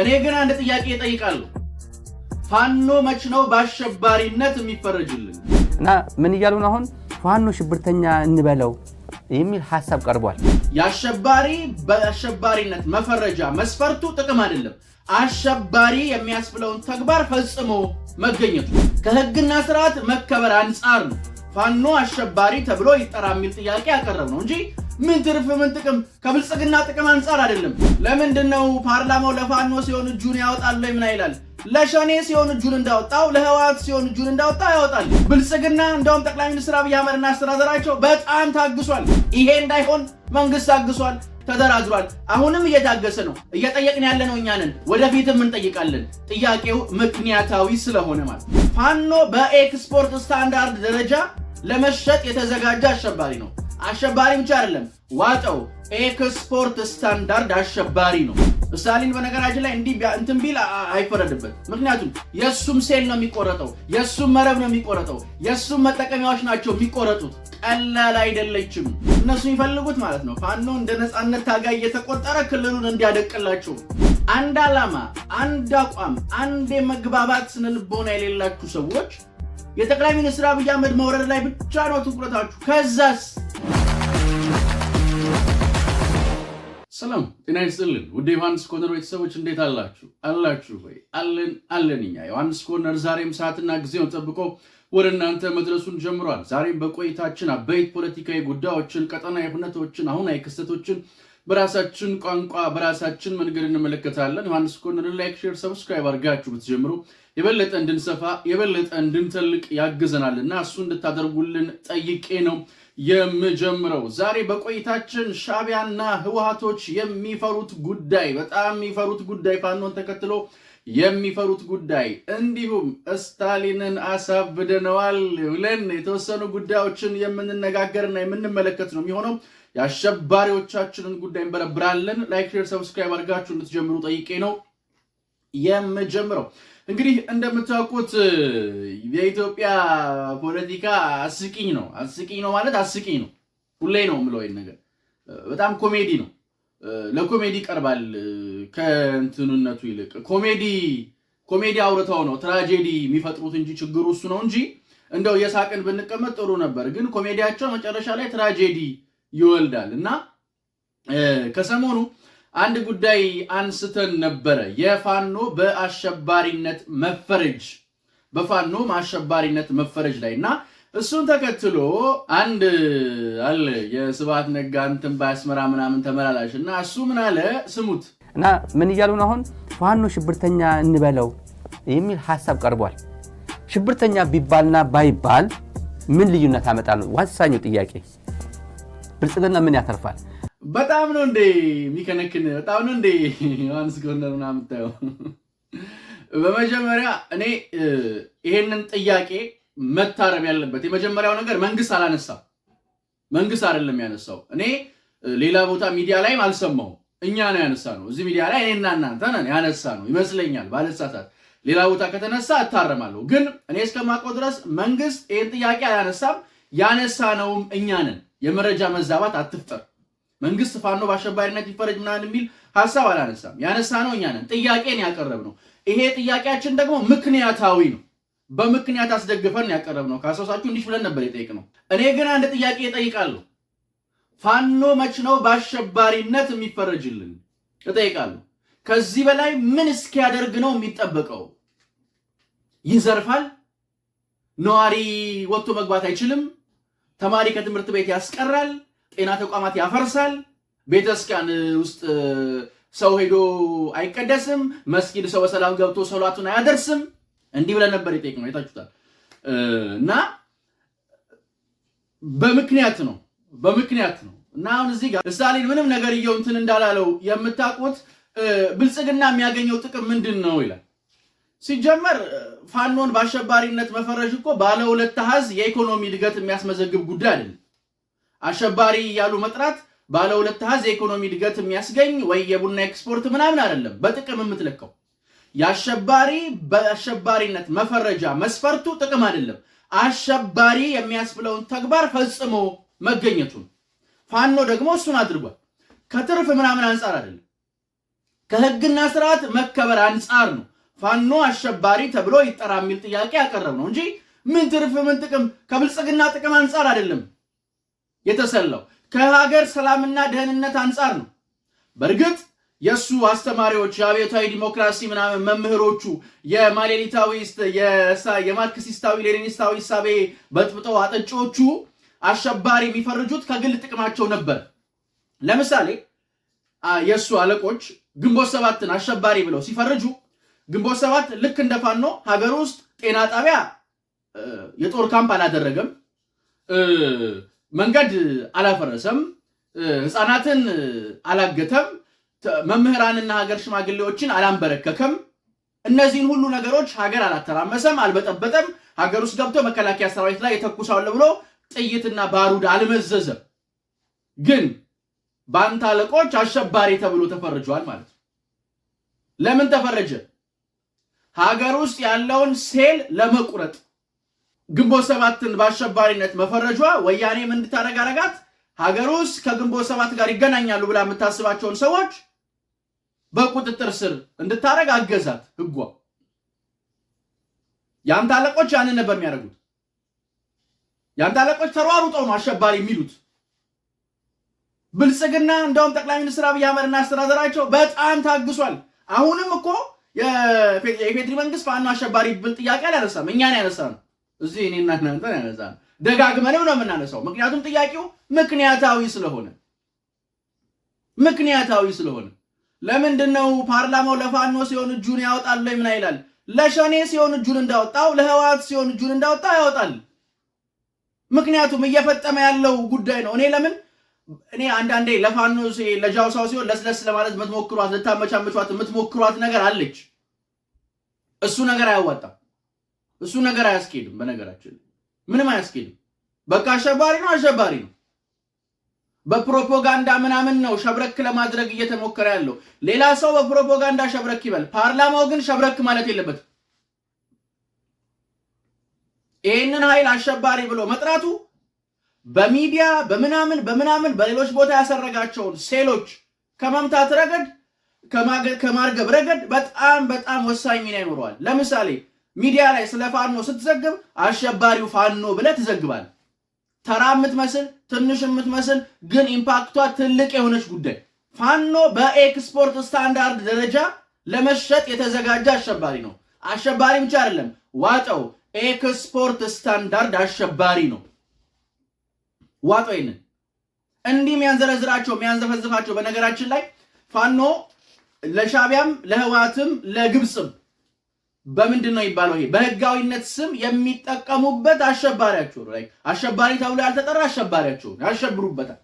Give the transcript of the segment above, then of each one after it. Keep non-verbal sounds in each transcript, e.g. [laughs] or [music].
እኔ ግን አንድ ጥያቄ እጠይቃለሁ። ፋኖ መች ነው በአሸባሪነት የሚፈረጅልን? እና ምን እያሉን አሁን ፋኖ ሽብርተኛ እንበለው የሚል ሀሳብ ቀርቧል። የአሸባሪ በአሸባሪነት መፈረጃ መስፈርቱ ጥቅም አይደለም፣ አሸባሪ የሚያስብለውን ተግባር ፈጽሞ መገኘቱ ከህግና ስርዓት መከበር አንጻር ነው ፋኖ አሸባሪ ተብሎ ይጠራ የሚል ጥያቄ ያቀረብ ነው እንጂ ምን ትርፍ ምን ጥቅም? ከብልጽግና ጥቅም አንጻር አይደለም። ለምንድን ነው ፓርላማው ለፋኖ ሲሆን እጁን ያወጣል ወይ ምን ይላል? ለሸኔ ሲሆን እጁን እንዳወጣው ለህወሓት ሲሆን እጁን እንዳወጣ ያወጣል። ብልጽግና እንደውም ጠቅላይ ሚኒስትር አብይ አህመድና አስተዳደራቸው በጣም ታግሷል። ይሄ እንዳይሆን መንግስት ታግሷል፣ ተደራጅሯል። አሁንም እየታገሰ ነው። እየጠየቅን ያለ ነው እኛንን፣ ወደፊትም እንጠይቃለን። ጥያቄው ምክንያታዊ ስለሆነ ማለት ፋኖ በኤክስፖርት ስታንዳርድ ደረጃ ለመሸጥ የተዘጋጀ አሸባሪ ነው። አሸባሪ ብቻ አይደለም፣ ዋጠው ኤክስፖርት ስታንዳርድ አሸባሪ ነው። ስታሊን በነገራችን ላይ እንዲህ እንትን ቢል አይፈረድበት። ምክንያቱም የእሱም ሴል ነው የሚቆረጠው፣ የእሱም መረብ ነው የሚቆረጠው፣ የእሱም መጠቀሚያዎች ናቸው የሚቆረጡት። ቀላል አይደለችም። እነሱ የሚፈልጉት ማለት ነው ፋኖ እንደ ነፃነት ታጋይ እየተቆጠረ ክልሉን እንዲያደቅላቸው አንድ ዓላማ፣ አንድ አቋም፣ አንድ የመግባባት ስነልቦና የሌላችሁ ሰዎች የጠቅላይ ሚኒስትር አብይ አህመድ መውረድ ላይ ብቻ ነው ትኩረታችሁ። ከዛስ? ሰላም ጤና ይስጥልን ውድ ዮሐንስ ኮርነር ቤተሰቦች እንዴት አላችሁ? አላችሁ ወይ? አለን አለን። እኛ ዮሐንስ ኮርነር ዛሬም ሰዓትና ጊዜውን ጠብቆ ወደ እናንተ መድረሱን ጀምሯል። ዛሬም በቆይታችን አበይት ፖለቲካዊ ጉዳዮችን፣ ቀጠናዊ ሁነቶችን፣ አሁናዊ ክስተቶችን በራሳችን ቋንቋ በራሳችን መንገድ እንመለከታለን። ዮሐንስ ኮርነርን ላይክ፣ ሼር፣ ሰብስክራይብ አድርጋችሁ ብትጀምሩ የበለጠ እንድንሰፋ የበለጠ እንድንተልቅ ያግዘናል እና እሱ እንድታደርጉልን ጠይቄ ነው የምጀምረው። ዛሬ በቆይታችን ሻቢያና ህወሓቶች የሚፈሩት ጉዳይ በጣም የሚፈሩት ጉዳይ ፋኖን ተከትሎ የሚፈሩት ጉዳይ እንዲሁም ስታሊንን አሳብደነዋል ብለን የተወሰኑ ጉዳዮችን የምንነጋገርና የምንመለከት ነው የሚሆነው። የአሸባሪዎቻችንን ጉዳይ እንበረብራለን። ላይክ፣ ሼር፣ ሰብስክራይብ አድርጋችሁ እንድትጀምሩ ጠይቄ ነው የምጀምረው። እንግዲህ እንደምታውቁት የኢትዮጵያ ፖለቲካ አስቂኝ ነው። አስቂኝ ነው ማለት አስቂኝ ነው። ሁሌ ነው የምለው ይሄን ነገር በጣም ኮሜዲ ነው። ለኮሜዲ ቀርባል ከእንትንነቱ ይልቅ ኮሜዲ ኮሜዲ አውርተው ነው ትራጀዲ የሚፈጥሩት እንጂ ችግሩ እሱ ነው እንጂ እንደው የሳቅን ብንቀመጥ ጥሩ ነበር። ግን ኮሜዲያቸው መጨረሻ ላይ ትራጀዲ ይወልዳል እና ከሰሞኑ አንድ ጉዳይ አንስተን ነበረ። የፋኖ በአሸባሪነት መፈረጅ በፋኖ አሸባሪነት መፈረጅ ላይ እና እሱን ተከትሎ አንድ አለ የስብሐት ነጋ እንትን በአስመራ ምናምን ተመላላሽ እና እሱ ምን አለ ስሙት እና ምን እያሉን አሁን ፋኖ ሽብርተኛ እንበለው የሚል ሀሳብ ቀርቧል። ሽብርተኛ ቢባልና ባይባል ምን ልዩነት አመጣል ነው ጥያቄ። ብልጽግና ምን ያተርፋል? በጣም ነው እንዴ የሚከነክን? በጣም ነው እንዴ ዮሐንስ ጎንደር ምናምን በመጀመሪያ እኔ ይሄንን ጥያቄ መታረም ያለበት የመጀመሪያው ነገር መንግስት አላነሳም። መንግስት አይደለም ያነሳው። እኔ ሌላ ቦታ ሚዲያ ላይም አልሰማው እኛ ነው ያነሳ ነው። እዚህ ሚዲያ ላይ እኔና እናንተ ነን ያነሳ ነው ይመስለኛል ባለሳሳት። ሌላ ቦታ ከተነሳ እታረማለሁ። ግን እኔ እስከማውቀው ድረስ መንግስት ይህን ጥያቄ አላነሳም። ያነሳነውም እኛ ነን። የመረጃ መዛባት አትፍጠር። መንግስት ፋኖ በአሸባሪነት ይፈረጅ ምናምን የሚል ሀሳብ አላነሳም። ያነሳነው እኛ ነን። ጥያቄን ያቀረብ ነው። ይሄ ጥያቄያችን ደግሞ ምክንያታዊ ነው። በምክንያት አስደግፈን ነው። ካሰሳችሁ እንዲህ ብለን ነበር ነው። እኔ ግን አንድ ጥያቄ እጠይቃለሁ። ፋኖ መች ነው በአሸባሪነት የሚፈረጅልን? እጠይቃለሁ። ከዚህ በላይ ምን እስኪያደርግ ነው የሚጠበቀው? ይዘርፋል። ነዋሪ ወጥቶ መግባት አይችልም። ተማሪ ከትምህርት ቤት ያስቀራል፣ ጤና ተቋማት ያፈርሳል፣ ቤተስካን ውስጥ ሰው ሄዶ አይቀደስም፣ መስጊድ ሰው በሰላም ገብቶ ሰሏቱን አያደርስም። እንዲህ ብለን ነበር የጠየቅነው አይታችሁታል። እና በምክንያት ነው በምክንያት ነው እና አሁን እዚህ ጋር ስታሊን ምንም ነገር እየው እንትን እንዳላለው የምታውቁት ብልጽግና የሚያገኘው ጥቅም ምንድን ነው ይላል። ሲጀመር ፋኖን በአሸባሪነት መፈረጅ እኮ ባለ ሁለት አሃዝ የኢኮኖሚ እድገት የሚያስመዘግብ ጉዳይ አይደለም። አሸባሪ እያሉ መጥራት ባለ ሁለት አሃዝ የኢኮኖሚ እድገት የሚያስገኝ ወይ የቡና ኤክስፖርት ምናምን አይደለም። በጥቅም የምትለካው የአሸባሪ በአሸባሪነት መፈረጃ መስፈርቱ ጥቅም አይደለም፣ አሸባሪ የሚያስብለውን ተግባር ፈጽሞ መገኘቱን። ፋኖ ደግሞ እሱን አድርጓል። ከትርፍ ምናምን አንጻር አይደለም፣ ከህግና ስርዓት መከበር አንጻር ነው። ፋኖ አሸባሪ ተብሎ ይጠራ የሚል ጥያቄ ያቀረብ ነው እንጂ ምን ትርፍ ምን ጥቅም ከብልጽግና ጥቅም አንጻር አይደለም የተሰለው ከሀገር ሰላምና ደህንነት አንጻር ነው። በእርግጥ የእሱ አስተማሪዎች የአብዮታዊ ዲሞክራሲ ምናምን መምህሮቹ የማሌሊታዊ የማርክሲስታዊ ሌኒኒስታዊ ሳቤ በጥብጠው አጠጪዎቹ አሸባሪ የሚፈርጁት ከግል ጥቅማቸው ነበር። ለምሳሌ የእሱ አለቆች ግንቦት ሰባትን አሸባሪ ብለው ሲፈርጁ ግንቦት ሰባት ልክ እንደ ፋኖ ሀገር ውስጥ ጤና ጣቢያ የጦር ካምፕ አላደረገም፣ መንገድ አላፈረሰም፣ ህፃናትን አላገተም፣ መምህራንና ሀገር ሽማግሌዎችን አላንበረከከም። እነዚህን ሁሉ ነገሮች ሀገር አላተራመሰም፣ አልበጠበጠም። ሀገር ውስጥ ገብቶ መከላከያ ሰራዊት ላይ የተኩሳለ ብሎ ጥይትና ባሩድ አልመዘዘም። ግን በአንተ አለቆች አሸባሪ ተብሎ ተፈርጇል ማለት ነው። ለምን ተፈረጀ? ሀገር ውስጥ ያለውን ሴል ለመቁረጥ ግንቦት ሰባትን በአሸባሪነት መፈረጇ ወያኔ ምን እንድታደርግ አረጋት ሀገር ውስጥ ከግንቦት ሰባት ጋር ይገናኛሉ ብላ የምታስባቸውን ሰዎች በቁጥጥር ስር እንድታደረግ አገዛት ህጓ። የአንተ አለቆች ያንን ነበር የሚያደርጉት። የአንተ አለቆች ተሯሩጠው አሸባሪ የሚሉት ብልጽግና። እንደውም ጠቅላይ ሚኒስትር አብይ አህመድና አስተዳደራቸው በጣም ታግሷል። አሁንም እኮ የፌትሪ መንግስት ፋኖ አሸባሪ ብል ጥያቄ አላነሳም። እኛን ያነሳ ነው። እዚህ እኔና እናንተ ያነሳ ነው። ደጋግመንም ነው የምናነሳው። ምክንያቱም ጥያቄው ምክንያታዊ ስለሆነ ምክንያታዊ ስለሆነ ለምንድን ነው ፓርላማው ለፋኖ ሲሆን እጁን ያወጣል ላይ ምን ይላል? ለሸኔ ሲሆን እጁን እንዳወጣው ለህወሓት ሲሆን እጁን እንዳወጣው ያወጣል። ምክንያቱም እየፈጠመ ያለው ጉዳይ ነው። እኔ ለምን እኔ አንዳንዴ ለፋኖ ለጃውሳ ሲሆን ለስለስ ለማለት የምትሞክሯት ልታመቻመቿት የምትሞክሯት ነገር አለች። እሱ ነገር አያዋጣም። እሱ ነገር አያስኬድም። በነገራችን ምንም አያስኬድም። በቃ አሸባሪ ነው፣ አሸባሪ ነው። በፕሮፓጋንዳ ምናምን ነው ሸብረክ ለማድረግ እየተሞከረ ያለው። ሌላ ሰው በፕሮፓጋንዳ ሸብረክ ይበል፣ ፓርላማው ግን ሸብረክ ማለት የለበትም። ይህንን ኃይል አሸባሪ ብሎ መጥራቱ በሚዲያ በምናምን በምናምን በሌሎች ቦታ ያሰረጋቸውን ሴሎች ከመምታት ረገድ ከማርገብ ረገድ በጣም በጣም ወሳኝ ሚና ይኖረዋል። ለምሳሌ ሚዲያ ላይ ስለ ፋኖ ስትዘግብ አሸባሪው ፋኖ ብለህ ትዘግባል። ተራ የምትመስል ትንሽ የምትመስል ግን ኢምፓክቷ ትልቅ የሆነች ጉዳይ ፋኖ በኤክስፖርት ስታንዳርድ ደረጃ ለመሸጥ የተዘጋጀ አሸባሪ ነው። አሸባሪ ብቻ አይደለም፣ ዋጠው ኤክስፖርት ስታንዳርድ አሸባሪ ነው። ዋጦ ይንን እንዲህ የሚያንዘረዝራቸው የሚያንዘፈዝፋቸው በነገራችን ላይ ፋኖ ለሻቢያም ለህዋትም ለግብፅም በምንድን ነው የሚባለው? ይሄ በህጋዊነት ስም የሚጠቀሙበት አሸባሪያቸው ላይ አሸባሪ ተብሎ ያልተጠራ አሸባሪያቸው ያሸብሩበታል።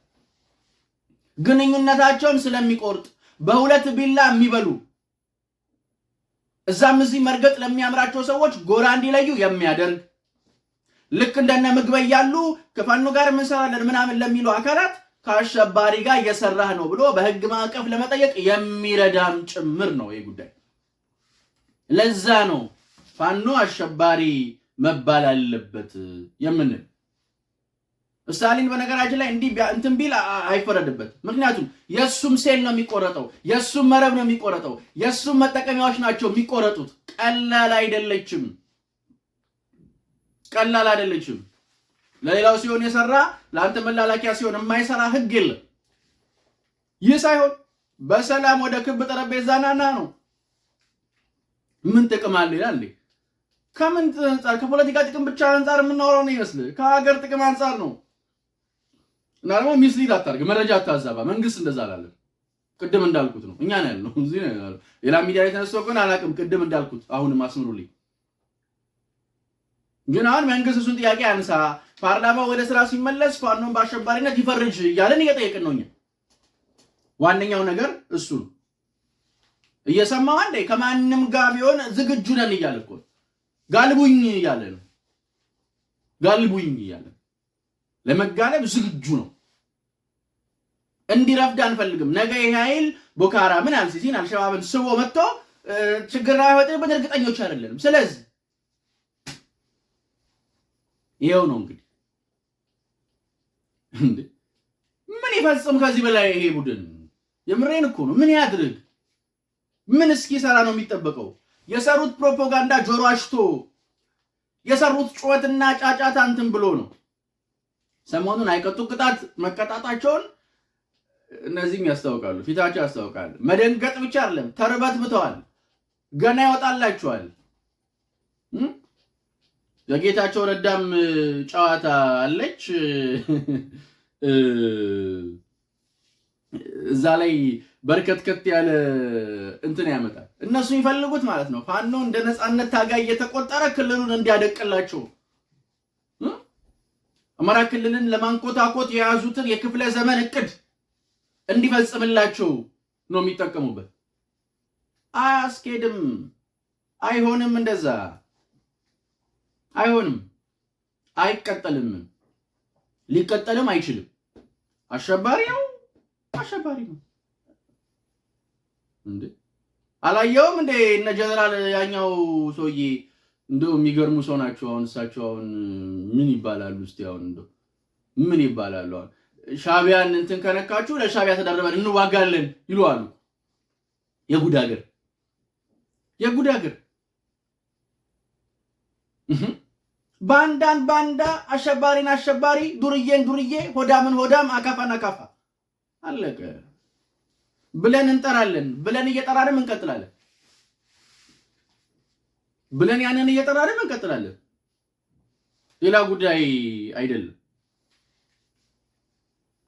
ግንኙነታቸውን ስለሚቆርጥ በሁለት ቢላ የሚበሉ እዛም እዚህ መርገጥ ለሚያምራቸው ሰዎች ጎራ እንዲለዩ የሚያደርግ ልክ እንደነ ምግበ ያሉ ከፋኖ ጋር እንሰራለን ምናምን ለሚሉ አካላት ከአሸባሪ ጋር እየሰራህ ነው ብሎ በህግ ማዕቀፍ ለመጠየቅ የሚረዳም ጭምር ነው ይህ ጉዳይ። ለዛ ነው ፋኖ አሸባሪ መባል አለበት የምንል። ስታሊን በነገራችን ላይ እንዲህ እንትን ቢል አይፈረድበት። ምክንያቱም የእሱም ሴል ነው የሚቆረጠው፣ የእሱም መረብ ነው የሚቆረጠው፣ የእሱም መጠቀሚያዎች ናቸው የሚቆረጡት። ቀላል አይደለችም። ቀላል አይደለችም። ለሌላው ሲሆን የሰራ ለአንተ መላላኪያ ሲሆን የማይሰራ ህግ የለም። ይህ ሳይሆን በሰላም ወደ ክብ ጠረጴዛ ናና ነው። ምን ጥቅም አለ ይላል። ከምን አንጻር? ከፖለቲካ ጥቅም ብቻ አንጻር የምናወራው ነው ይመስል፣ ከሀገር ጥቅም አንጻር ነው። እና ደግሞ ሚስሊድ አታርግ፣ መረጃ አታዛባ። መንግስት እንደዛ አላለም። ቅድም እንዳልኩት ነው እኛ ነው ያልነው። እዚህ ነው ሌላ ሚዲያ ላይ ተነስቶ ግን አላቅም። ቅድም እንዳልኩት አሁንም አስምሩልኝ። ግን አሁን መንግስት እሱን ጥያቄ አንሳ፣ ፓርላማ ወደ ስራ ሲመለስ ፋኖን በአሸባሪነት ይፈርጅ እያለን እየጠየቅን ነው። እኛ ዋነኛው ነገር እሱ ነው። እየሰማው አንዴ ከማንም ጋር ቢሆን ዝግጁ ነን እያለ እኮ ጋልቡኝ እያለ ነው። ጋልቡኝ እያለ ለመጋለብ ዝግጁ ነው። እንዲረፍድ አንፈልግም። ነገ ይህ ኃይል ቦኮ ሃራምን፣ አልሲሲን፣ አልሸባብን ስቦ መጥቶ ችግር አይፈጥርብን እርግጠኞች አይደለንም። ስለዚህ ይኸው ነው እንግዲህ ምን ይፈጽም ከዚህ በላይ ይሄ ቡድን? የምሬን እኮ ነው። ምን ያድርግ? ምን እስኪ ሰራ ነው የሚጠበቀው? የሰሩት ፕሮፓጋንዳ ጆሮ አሽቶ የሰሩት ጩኸትና ጫጫታ እንትን ብሎ ነው። ሰሞኑን አይቀጡ ቅጣት መቀጣጣቸውን እነዚህም ያስታውቃሉ፣ ፊታቸው ያስታውቃል። መደንገጥ ብቻ አይደለም፣ ተርበት ብተዋል። ገና ይወጣላችኋል። የጌታቸው ረዳም ጨዋታ አለች። እዛ ላይ በርከት ከት ያለ እንትን ያመጣል። እነሱ የሚፈልጉት ማለት ነው ፋኖ እንደ ነፃነት ታጋይ እየተቆጠረ ክልሉን እንዲያደቅላቸው አማራ ክልልን ለማንኮታኮት የያዙትን የክፍለ ዘመን እቅድ እንዲፈጽምላቸው ነው የሚጠቀሙበት። አያስኬድም፣ አይሆንም እንደዛ አይሆንም፣ አይቀጠልም፣ ሊቀጠልም አይችልም። አሸባሪ ነው፣ አሸባሪ ነው። እንዴ አላየውም እንዴ እነ ጀነራል ያኛው ሰውዬ እንደው የሚገርሙ ሰው ናቸው። አሁን እሳቸው አሁን ምን ይባላሉ? እስቲ አሁን እንደው ምን ይባላሉ? አሁን ሻቢያን እንትን ከነካችሁ ለሻቢያ ተደረበን እንዋጋለን ይለዋሉ። የጉድ ሀገር የጉድ ሀገር ባንዳን ባንዳ፣ አሸባሪን አሸባሪ፣ ዱርዬን ዱርዬ፣ ሆዳምን ሆዳም፣ አካፋን አካፋ አለቀ ብለን እንጠራለን ብለን እየጠራንም እንቀጥላለን ብለን ያንን እየጠራንም እንቀጥላለን። ሌላ ጉዳይ አይደለም።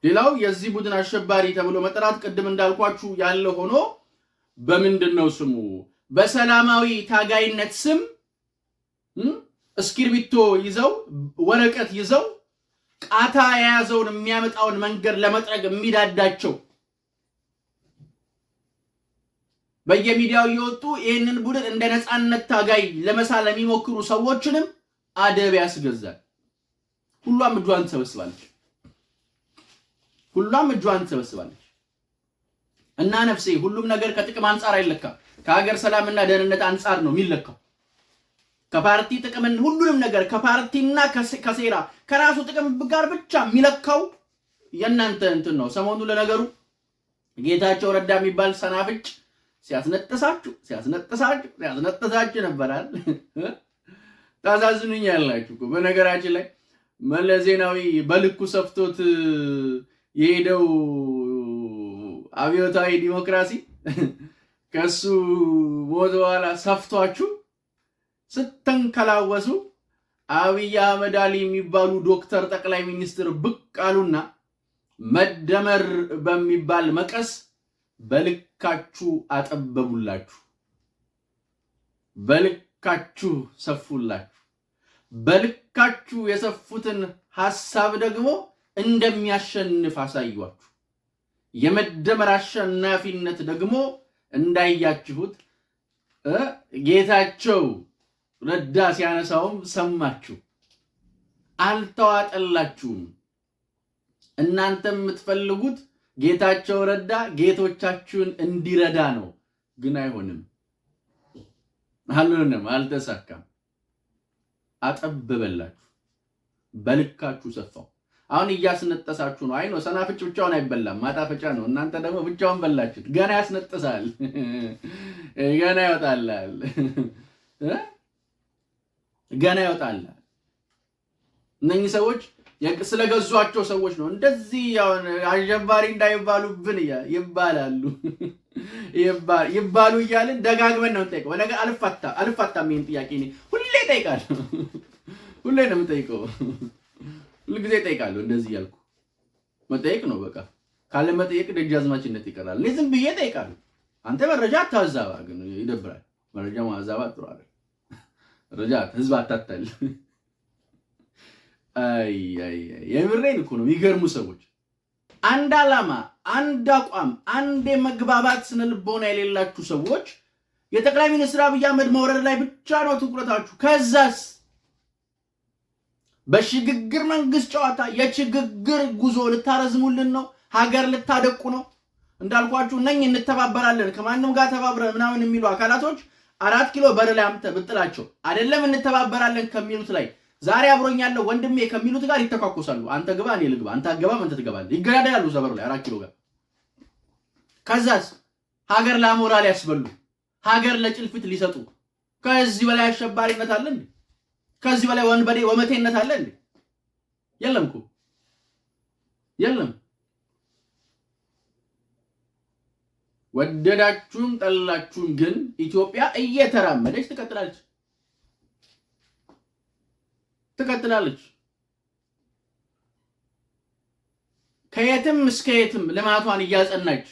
ሌላው የዚህ ቡድን አሸባሪ ተብሎ መጠራት ቅድም እንዳልኳችሁ ያለ ሆኖ በምንድን ነው ስሙ በሰላማዊ ታጋይነት ስም እስክሪብቶ ይዘው ወረቀት ይዘው ቃታ የያዘውን የሚያመጣውን መንገድ ለመጥረግ የሚዳዳቸው በየሚዲያው እየወጡ ይህንን ቡድን እንደ ነፃነት ታጋይ ለመሳል የሚሞክሩ ሰዎችንም አደብ ያስገዛል። ሁሏም እጇን ትሰበስባለች። ሁሏም እጇን ትሰበስባለች። እና ነፍሴ ሁሉም ነገር ከጥቅም አንጻር አይለካም። ከሀገር ሰላምና ደህንነት አንጻር ነው የሚለካው። ከፓርቲ ጥቅምን ሁሉንም ነገር ከፓርቲና ከሴራ ከራሱ ጥቅም ጋር ብቻ የሚለካው የእናንተ እንትን ነው። ሰሞኑ ለነገሩ ጌታቸው ረዳ የሚባል ሰናፍጭ ሲያስነጥሳችሁ ሲያስነጥሳችሁ ሲያስነጥሳችሁ ነበራል። [laughs] ታሳዝኑኝ ያላችሁ እኮ በነገራችን ላይ መለስ ዜናዊ በልኩ ሰፍቶት የሄደው አብዮታዊ ዲሞክራሲ [laughs] ከሱ ሞት በኋላ ሰፍቷችሁ ስተንከላወሱ አብይ አህመድ አሊ የሚባሉ ዶክተር ጠቅላይ ሚኒስትር ብቅ አሉና መደመር በሚባል መቀስ በልካችሁ አጠበቡላችሁ፣ በልካችሁ ሰፉላችሁ። በልካችሁ የሰፉትን ሐሳብ ደግሞ እንደሚያሸንፍ አሳዩአችሁ። የመደመር አሸናፊነት ደግሞ እንዳያችሁት ጌታቸው ረዳ ሲያነሳውም ሰማችሁ፣ አልተዋጠላችሁም። እናንተ የምትፈልጉት ጌታቸው ረዳ ጌቶቻችሁን እንዲረዳ ነው፣ ግን አይሆንም፣ አልሆንም፣ አልተሳካም። አጠበበላችሁ፣ በልካችሁ ሰፋው። አሁን እያስነጠሳችሁ ነው። አይ ነው ሰናፍጭ ብቻውን አይበላም፣ ማጣፈጫ ነው። እናንተ ደግሞ ብቻውን በላችሁት። ገና ያስነጥሳል፣ ገና ይወጣላል። ገና ይወጣላል። እነኚህ ሰዎች ስለገዟቸው ሰዎች ነው እንደዚህ አሸባሪ እንዳይባሉብን ይባላሉ [laughs] ይባሉ እያልን ደጋግመን ነው ጠይቀው ነገ አልፋታ አልፋታም። ይሄን ጥያቄ እኔ ሁሌ እጠይቃለሁ። [laughs] ሁሌ ነው የምጠይቀው። [laughs] ሁልጊዜ እጠይቃለሁ። እንደዚህ እያልኩ መጠየቅ ነው በቃ። ካለ መጠየቅ ደጃዝማችነት ይቀራል። እኔ ዝም ብዬ ጠይቃሉ አንተ መረጃ አታዛባ፣ ግን ይደብራል። መረጃ ማዛባ ጥሩ አይደል። ረጃት ህዝብ አታታል። አይ አይ የምሬን እኮ ነው። የሚገርሙ ሰዎች አንድ ዓላማ፣ አንድ አቋም፣ አንድ የመግባባት ስነ ልቦና የሌላችሁ ሰዎች የጠቅላይ ሚኒስትር አብይ አህመድ መውረድ ላይ ብቻ ነው ትኩረታችሁ። ከዛስ በሽግግር መንግስት ጨዋታ የሽግግር ጉዞ ልታረዝሙልን ነው? ሀገር ልታደቁ ነው? እንዳልኳችሁ እነኝ እንተባበራለን ከማንም ጋር ተባብረን ምናምን የሚሉ አካላቶች አራት ኪሎ በር ላይ አምጥተህ ብጥላቸው አይደለም እንተባበራለን ከሚሉት ላይ ዛሬ አብሮኝ ያለው ወንድሜ ከሚሉት ጋር ይተኳኮሳሉ። አንተ ግባ፣ እኔ ልግባ፣ አንተ አገባም፣ አንተ ትገባለህ። ይገዳደላሉ እዛ ላይ አራት ኪሎ ጋር። ከዛስ ሀገር ለሞራል ያስበሉ፣ ሀገር ለጭልፊት ሊሰጡ። ከዚህ በላይ አሸባሪነት አለ እንዴ? ከዚህ በላይ ወንበዴ ወመቴነት አለ እንዴ? የለም እኮ የለም። ወደዳችሁም ጠላችሁም ግን ኢትዮጵያ እየተራመደች ትቀጥላለች ትቀጥላለች። ከየትም እስከ የትም ልማቷን እያጸናች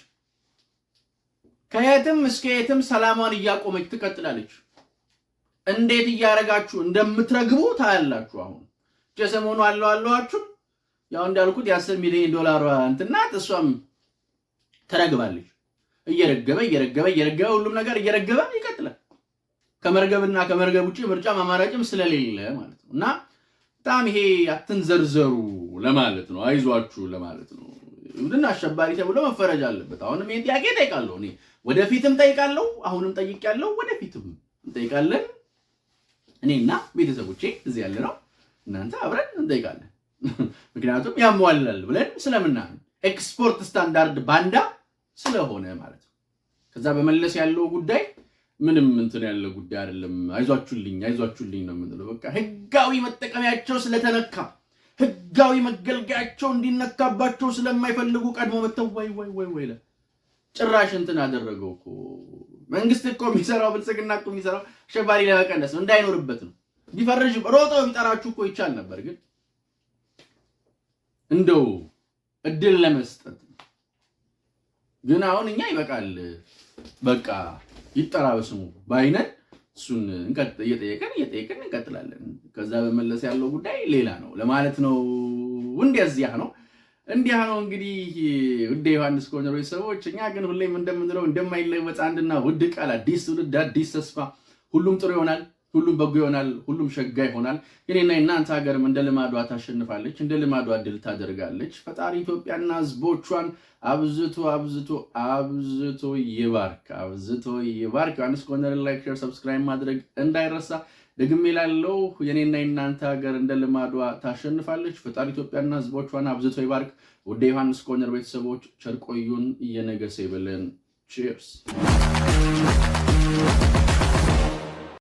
ከየትም እስከ የትም ሰላሟን እያቆመች ትቀጥላለች። እንዴት እያደረጋችሁ እንደምትረግቡ ታያላችሁ። አሁን ሰሞኑ አለው አለዋችሁ ያው እንዳልኩት የአስር ሚሊዮን ዶላር እንትናት እሷም ትረግባለች። እየረገበ እየረገበ እየረገበ ሁሉም ነገር እየረገበ ይቀጥላል። ከመርገብና ከመርገብ ውጭ ምርጫ አማራጭም ስለሌለ ማለት ነው እና በጣም ይሄ አትንዘርዘሩ ለማለት ነው፣ አይዟችሁ ለማለት ነው። ይሁንና አሸባሪ ተብሎ መፈረጅ አለበት። አሁንም ይህን ጥያቄ ጠይቃለሁ እኔ ወደፊትም ጠይቃለሁ፣ አሁንም ጠይቄያለሁ፣ ወደፊትም እንጠይቃለን። እኔና ቤተሰቦቼ እዚህ ያለ ነው፣ እናንተ አብረን እንጠይቃለን። ምክንያቱም ያሟላል ብለን ስለምናምን ኤክስፖርት ስታንዳርድ ባንዳ ስለሆነ ማለት ነው። ከዛ በመለስ ያለው ጉዳይ ምንም እንትን ያለ ጉዳይ አይደለም። አይዟችሁልኝ አይዟችሁልኝ ነው የምንለው። በቃ ህጋዊ መጠቀሚያቸው ስለተነካ ህጋዊ መገልገያቸው እንዲነካባቸው ስለማይፈልጉ ቀድሞ መተው ወይ ወይ ወይ ወይ ጭራሽ እንትን አደረገው እኮ መንግስት እኮ የሚሰራው ብልጽግና እኮ የሚሰራው አሸባሪ ለመቀነስ ነው እንዳይኖርበት ነው። ቢፈርጅ ሮጦ የሚጠራችሁ እኮ ይቻል ነበር፣ ግን እንደው እድል ለመስጠት ግን አሁን እኛ ይበቃል፣ በቃ ይጠራ በስሙ በአይነት እሱን እየጠየቀን እየጠየቀን እንቀጥላለን። ከዛ በመለስ ያለው ጉዳይ ሌላ ነው ለማለት ነው። እንደዚያ ነው እንዲያ ነው እንግዲህ ውድ ዮሐንስ ኮርነር ቤተሰቦች፣ እኛ ግን ሁሌም እንደምንለው እንደማይለወጥ አንድና ውድ ቃል አዲስ ትውልድ አዲስ ተስፋ፣ ሁሉም ጥሩ ይሆናል። ሁሉም በጎ ይሆናል፣ ሁሉም ሸጋ ይሆናል። የኔና የእናንተ ሀገርም እንደ ልማዷ ታሸንፋለች፣ እንደ ልማዷ ድል ታደርጋለች። ፈጣሪ ኢትዮጵያና ህዝቦቿን አብዝቶ አብዝቶ አብዝቶ ይባርክ፣ አብዝቶ ይባርክ። ዮሐንስ ኮርነር ላይክ፣ ሼር፣ ሰብስክራይብ ማድረግ እንዳይረሳ። ደግሜ ላለው የኔና የእናንተ ሀገር እንደ ልማዷ ታሸንፋለች። ፈጣሪ ኢትዮጵያና ህዝቦቿን አብዝቶ ይባርክ። ወደ ዮሐንስ ኮርነር ቤተሰቦች ቸርቆዩን እየነገሰ ይበለን። ቺርስ